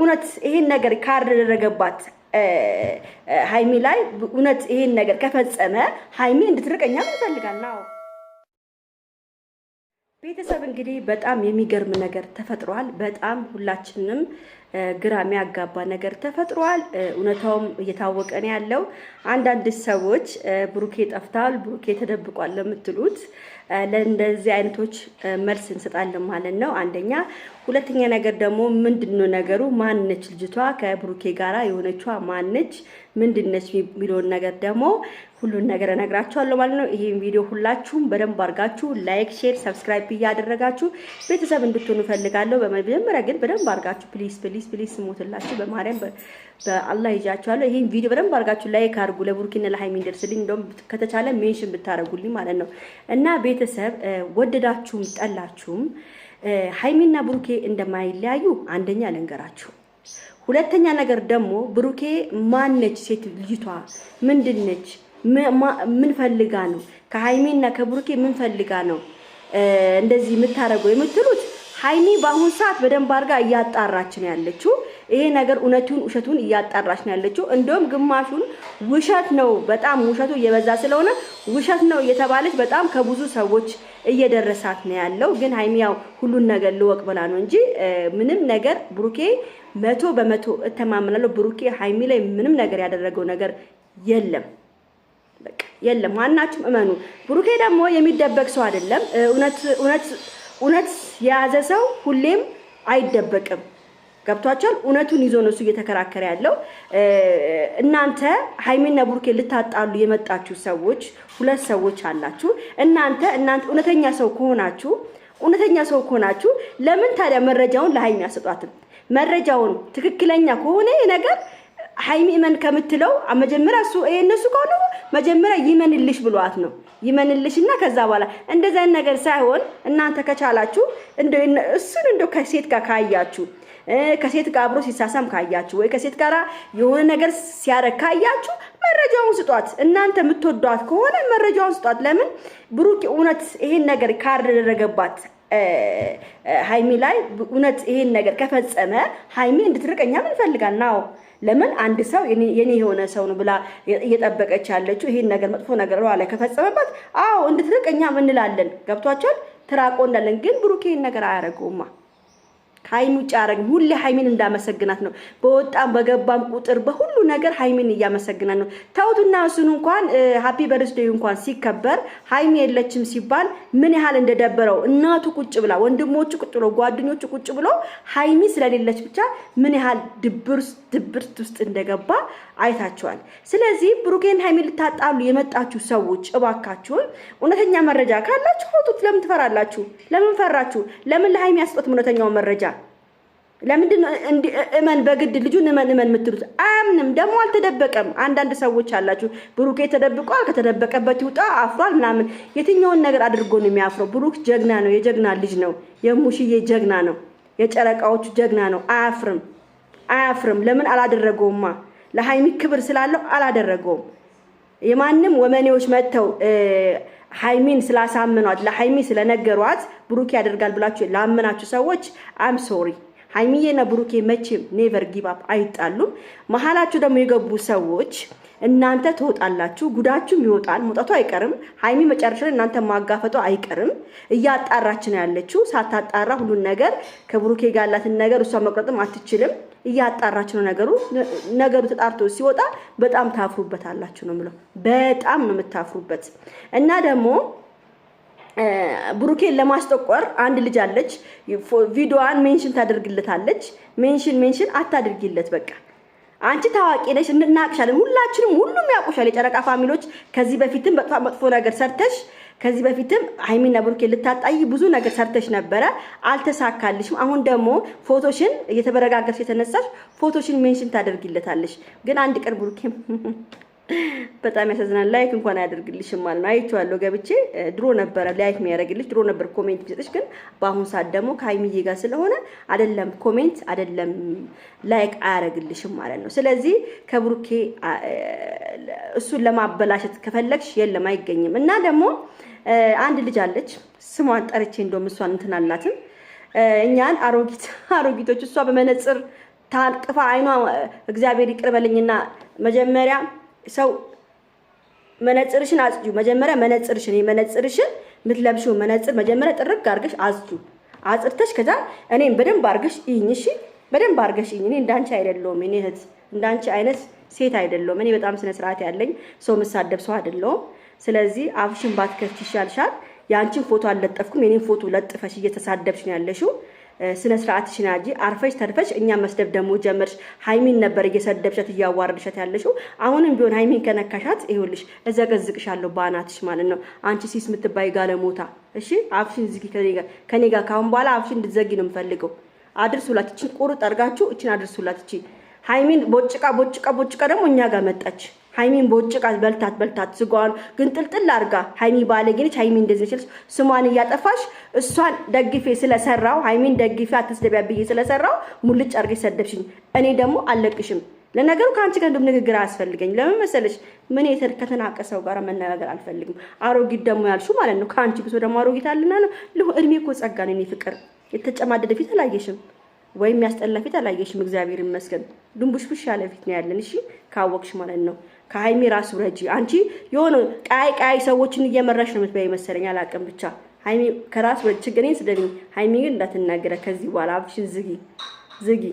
እውነት ይሄን ነገር ካደረገባት ሀይሚ ላይ እውነት ይሄን ነገር ከፈጸመ ሀይሚ እንድትርቀኛ እኛም እንፈልጋለን። ቤተሰብ እንግዲህ በጣም የሚገርም ነገር ተፈጥሯል። በጣም ሁላችንም ግራ የሚያጋባ ነገር ተፈጥሯል። እውነታውም እየታወቀ ነው ያለው። አንዳንድ ሰዎች ብሩኬ ጠፍታል፣ ብሩኬ ተደብቋል ለምትሉት ለእንደዚህ አይነቶች መልስ እንሰጣለን ማለት ነው። አንደኛ፣ ሁለተኛ ነገር ደግሞ ምንድነው ነገሩ? ማንነች ልጅቷ ከብሩኬ ጋራ የሆነቿ ማንነች? ምንድነች የሚለውን ነገር ደግሞ ሁሉን ነገር እነግራችኋለሁ ማለት ነው። ይህን ቪዲዮ ሁላችሁም በደንብ አድርጋችሁ ላይክ፣ ሼር፣ ሰብስክራይብ እያደረጋችሁ ቤተሰብ እንድትሆኑ እፈልጋለሁ። በመጀመሪያ ግን በደንብ አድርጋችሁ ፕሊዝ ፕሊዝ ፕሊስ ፕሊስ ስሙትላችሁ በማርያም በአላህ ይዣችኋለሁ። ይሄን ቪዲዮ በደንብ አድርጋችሁ ላይክ አድርጉ፣ ለቡርኪና ለሃይሚ እንደርስልኝ። እንደውም ከተቻለ ሜንሽን ብታደርጉልኝ ማለት ነው። እና ቤተሰብ ወደዳችሁም ጠላችሁም ሃይሚና ብሩኬ እንደማይለያዩ አንደኛ ልንገራችሁ። ሁለተኛ ነገር ደግሞ ብሩኬ ማነች? ሴት ልጅቷ ምንድነች? ምን ፈልጋ ነው ከሃይሚና ከብሩኬ ምን ፈልጋ ነው እንደዚህ የምታደርገው የምትሉት ሀይሚ በአሁን ሰዓት በደንብ አድርጋ እያጣራች ነው ያለችው። ይሄ ነገር እውነቱን ውሸቱን እያጣራች ነው ያለችው። እንደውም ግማሹን ውሸት ነው፣ በጣም ውሸቱ እየበዛ ስለሆነ ውሸት ነው እየተባለች በጣም ከብዙ ሰዎች እየደረሳት ነው ያለው። ግን ሀይሚ ያው ሁሉን ነገር ልወቅ ብላ ነው እንጂ ምንም ነገር ብሩኬ መቶ በመቶ እተማመናለሁ ብሩኬ ሀይሚ ላይ ምንም ነገር ያደረገው ነገር የለም የለም። ማናችሁም እመኑ። ብሩኬ ደግሞ የሚደበቅ ሰው አይደለም። እውነት እውነት እውነት የያዘ ሰው ሁሌም አይደበቅም። ገብቷቸዋል። እውነቱን ይዞ ነው እሱ እየተከራከረ ያለው። እናንተ ሀይሚና ቡርኬ ልታጣሉ የመጣችሁ ሰዎች ሁለት ሰዎች አላችሁ። እናንተ እናንተ እውነተኛ ሰው ከሆናችሁ እውነተኛ ሰው ከሆናችሁ ለምን ታዲያ መረጃውን ለሀይሚ አሰጧትም? መረጃውን ትክክለኛ ከሆነ ነገር ሀይሚ እመን ከምትለው መጀመሪያ እሱ እነሱ ከሆነ መጀመሪያ ይመንልሽ ብሏት ነው ይመንልሽ እና ከዛ በኋላ እንደዚህ ነገር ሳይሆን እናንተ ከቻላችሁ እሱን እንደ ከሴት ጋር ካያችሁ ከሴት ጋር አብሮ ሲሳሳም ካያችሁ ወይ ከሴት ጋር የሆነ ነገር ሲያረግ ካያችሁ መረጃውን ስጧት። እናንተ የምትወዷት ከሆነ መረጃውን ስጧት። ለምን ብሩክ እውነት ይሄን ነገር ካደረገባት ሀይሚ ላይ እውነት ይሄን ነገር ከፈጸመ ሀይሚ እንድትርቅ እኛም እንፈልጋል ናው ለምን አንድ ሰው የኔ የሆነ ሰው ነው ብላ እየጠበቀች ያለችው ይሄን ነገር መጥፎ ነገር ላይ ከፈጸመባት፣ አዎ እንድትርቅ እኛም እንላለን። ገብቷቸዋል። ትራቆ እንዳለን ግን ብሩኬን ነገር አያደርገውማ። ሀይሚ ውጭ አረግም ሁሌ ሀይሚን እንዳመሰግናት ነው። በወጣም በገባም ቁጥር በሁሉ ነገር ሀይሚን እያመሰግናት ነው። ተውትና እሱን እንኳን ሀፒ በርስዴይ እንኳን ሲከበር ሀይሚ የለችም ሲባል ምን ያህል እንደደበረው እናቱ ቁጭ ብላ፣ ወንድሞቹ ቁጭ ብሎ፣ ጓደኞቹ ቁጭ ብሎ ሀይሚ ስለሌለች ብቻ ምን ያህል ድብርት ውስጥ እንደገባ አይታቸዋል። ስለዚህ ብሩኬን ሀይሚ ልታጣሉ የመጣችሁ ሰዎች እባካችሁን እውነተኛ መረጃ ካላችሁ አውጡት። ለምን ትፈራላችሁ? ለምን ፈራችሁ? ለምን ለሀይሚ ያስጦት እውነተኛው መረጃ ለምንድን ነው እመን በግድ ልጁን እመን እመን የምትሉት? አያምንም ደግሞ አልተደበቀም። አንዳንድ ሰዎች አላችሁ ብሩኬ ተደብቋል፣ ከተደበቀበት ይውጣ አፍሯል ምናምን። የትኛውን ነገር አድርጎ ነው የሚያፍረው? ብሩክ ጀግና ነው፣ የጀግና ልጅ ነው፣ የሙሽዬ ጀግና ነው፣ የጨረቃዎቹ ጀግና ነው። አያፍርም፣ አያፍርም። ለምን አላደረገውማ? ለሀይሚ ክብር ስላለው አላደረገውም። የማንም ወመኔዎች መጥተው ሀይሚን ስላሳምኗት ለሀይሚ ስለነገሯት ብሩኬ ያደርጋል ብላችሁ ላመናችሁ ሰዎች አም ሶሪ ሀይሚዬና ብሩኬ መቼም ኔቨር ጊባፕ አይጣሉም። መሀላችሁ ደግሞ የገቡ ሰዎች እናንተ ትወጣላችሁ፣ ጉዳችሁም ይወጣል። መውጣቱ አይቀርም። ሀይሚ መጨረሻ ላይ እናንተ ማጋፈጡ አይቀርም። እያጣራች ነው ያለችው። ሳታጣራ ሁሉን ነገር ከብሩኬ ጋር ያላትን ነገር እሷ መቁረጥም አትችልም። እያጣራች ነው ነገሩ። ነገሩ ተጣርቶ ሲወጣ በጣም ታፍሩበታላችሁ ነው የምለው። በጣም ነው የምታፍሩበት እና ደግሞ ብሩኬን ለማስጠቆር አንድ ልጅ አለች። ቪዲዮዋን ሜንሽን ታደርግለታለች። ሜንሽን ሜንሽን አታድርጊለት በቃ አንቺ ታዋቂ ነሽ፣ እንናቅሻለን። ሁላችንም ሁሉም ያውቁሻል። የጨረቃ ፋሚሎች ከዚህ በፊትም በጣም መጥፎ ነገር ሰርተሽ ከዚህ በፊትም ሀይሚና ብሩኬ ልታጣይ ብዙ ነገር ሰርተሽ ነበረ፣ አልተሳካልሽም። አሁን ደግሞ ፎቶሽን እየተበረጋገርሽ የተነሳሽ ፎቶሽን ሜንሽን ታደርጊለታለሽ። ግን አንድ ቀን ብሩኬም በጣም ያሳዝናል። ላይክ እንኳን አያደርግልሽም ማለት ነው። አይቼዋለሁ ገብቼ። ድሮ ነበረ ላይክ የሚያደርግልሽ ድሮ ነበር ኮሜንት የሚሰጥሽ፣ ግን በአሁኑ ሰዓት ደግሞ ከሀይሚዬ ጋር ስለሆነ አይደለም ኮሜንት አይደለም ላይክ አያደርግልሽም ማለት ነው። ስለዚህ ከብሩኬ እሱን ለማበላሸት ከፈለግሽ የለም አይገኝም። እና ደግሞ አንድ ልጅ አለች ስሟን ጠርቼ እንደውም እሷን እንትን አላትም እኛን አሮጊት አሮጊቶች እሷ በመነጽር ታቅፋ አይኗ እግዚአብሔር ይቅርበልኝና መጀመሪያ ሰው መነጽርሽን አጽጁ። መጀመሪያ መነጽርሽን የመነጽርሽን የምትለብሺው መነጽር መጀመሪያ ጥርግ አድርገሽ አጽጁ። አጽድተሽ ከዛ እኔም በደንብ አድርገሽ ይኝ። እሺ በደንብ አድርገሽ ይኝ። እኔ እንዳንቺ አይደለሁም። እኔ እህት እንዳንቺ አይነት ሴት አይደለሁም። እኔ በጣም ስነ ስርዓት ያለኝ ሰው መሳደብ ሰው አይደለሁም። ስለዚህ አፍሽን ባትከፍቺ ይሻልሻል። የአንቺን ፎቶ አልለጠፍኩም። የኔን ፎቶ ለጥፈሽ እየተሳደብሽ ነው ያለሽው። ስነ ሽና ያጂ አርፈሽ ተርፈሽ እኛ መስደብ ደግሞ ጀመርሽ። ሀይሚን ነበር እየሰደብሸት እያዋረድሸት ያለሽው። አሁንም ቢሆን ሀይሚን ከነካሻት ይኸውልሽ እዘቀዝቅሻለሁ በአናትሽ ማለት ነው። አንቺ ሲስ የምትባይ ጋለሞታ እሺ፣ አፍሽን ዝጊ። ከኔ ጋር ካሁን በኋላ አፍሽን እንድትዘጊ ነው የምፈልገው። አድርሱላት፣ እችን ቁርጥ አድርጋችሁ እችን አድርሱላት። እቺ ሀይሚን ቦጭቃ ቦጭቃ ቦጭቃ ደግሞ እኛ ጋር መጣች። ሀይሚን በውጭ ቃት በልታት በልታት ስጋዋን ግን ጥልጥል አርጋ ሀይሚ ባለጌ ነች፣ ሀይሚ እንደዚህ ነች፣ ስሟን እያጠፋሽ እሷን ደግፌ ስለሰራው ሀይሚን ደግፌ አትስደቢያ ብዬ ስለሰራው ሙልጭ አርገ ሰደብሽኝ። እኔ ደግሞ አልለቅሽም። ለነገሩ ከአንቺ ጋር እንደውም ንግግር አያስፈልገኝ። ለምን መሰለሽ? ምን ከተናቀ ሰው ጋር መነጋገር አልፈልግም። አሮጊት ደግሞ ያልሽው ማለት ነው። ከአንቺ ብሶ ደግሞ አሮጊት አለና ነው። እድሜ እኮ ጸጋ ነው። እኔ ፍቅር የተጨማደደ ፊት አላየሽም። ወይም ያስጠላ ፊት አላየሽም። እግዚአብሔር ይመስገን ድንቡሽብሽ ያለ ፊት ነው ያለን። እሺ ካወቅሽ ማለት ነው። ከሀይሚ ራሱ ረጂ አንቺ የሆነ ቃይ ቃይ ሰዎችን እየመራሽ ነው የምትበይ መሰለኝ፣ አላውቅም። ብቻ ሀይሚ ከራስ ወደ ችግሬን ስደኝ። ሀይሚ ግን እንዳትናገረ ከዚህ በኋላ አፍሽን ዝጊ ዝጊ፣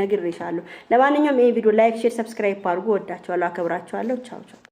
ነግሬሻለሁ። ለማንኛውም ይሄ ቪዲዮ ላይክ፣ ሼር፣ ሰብስክራይብ አድርጉ። ወዳችኋለሁ፣ አከብራችኋለሁ። ቻው ቻው።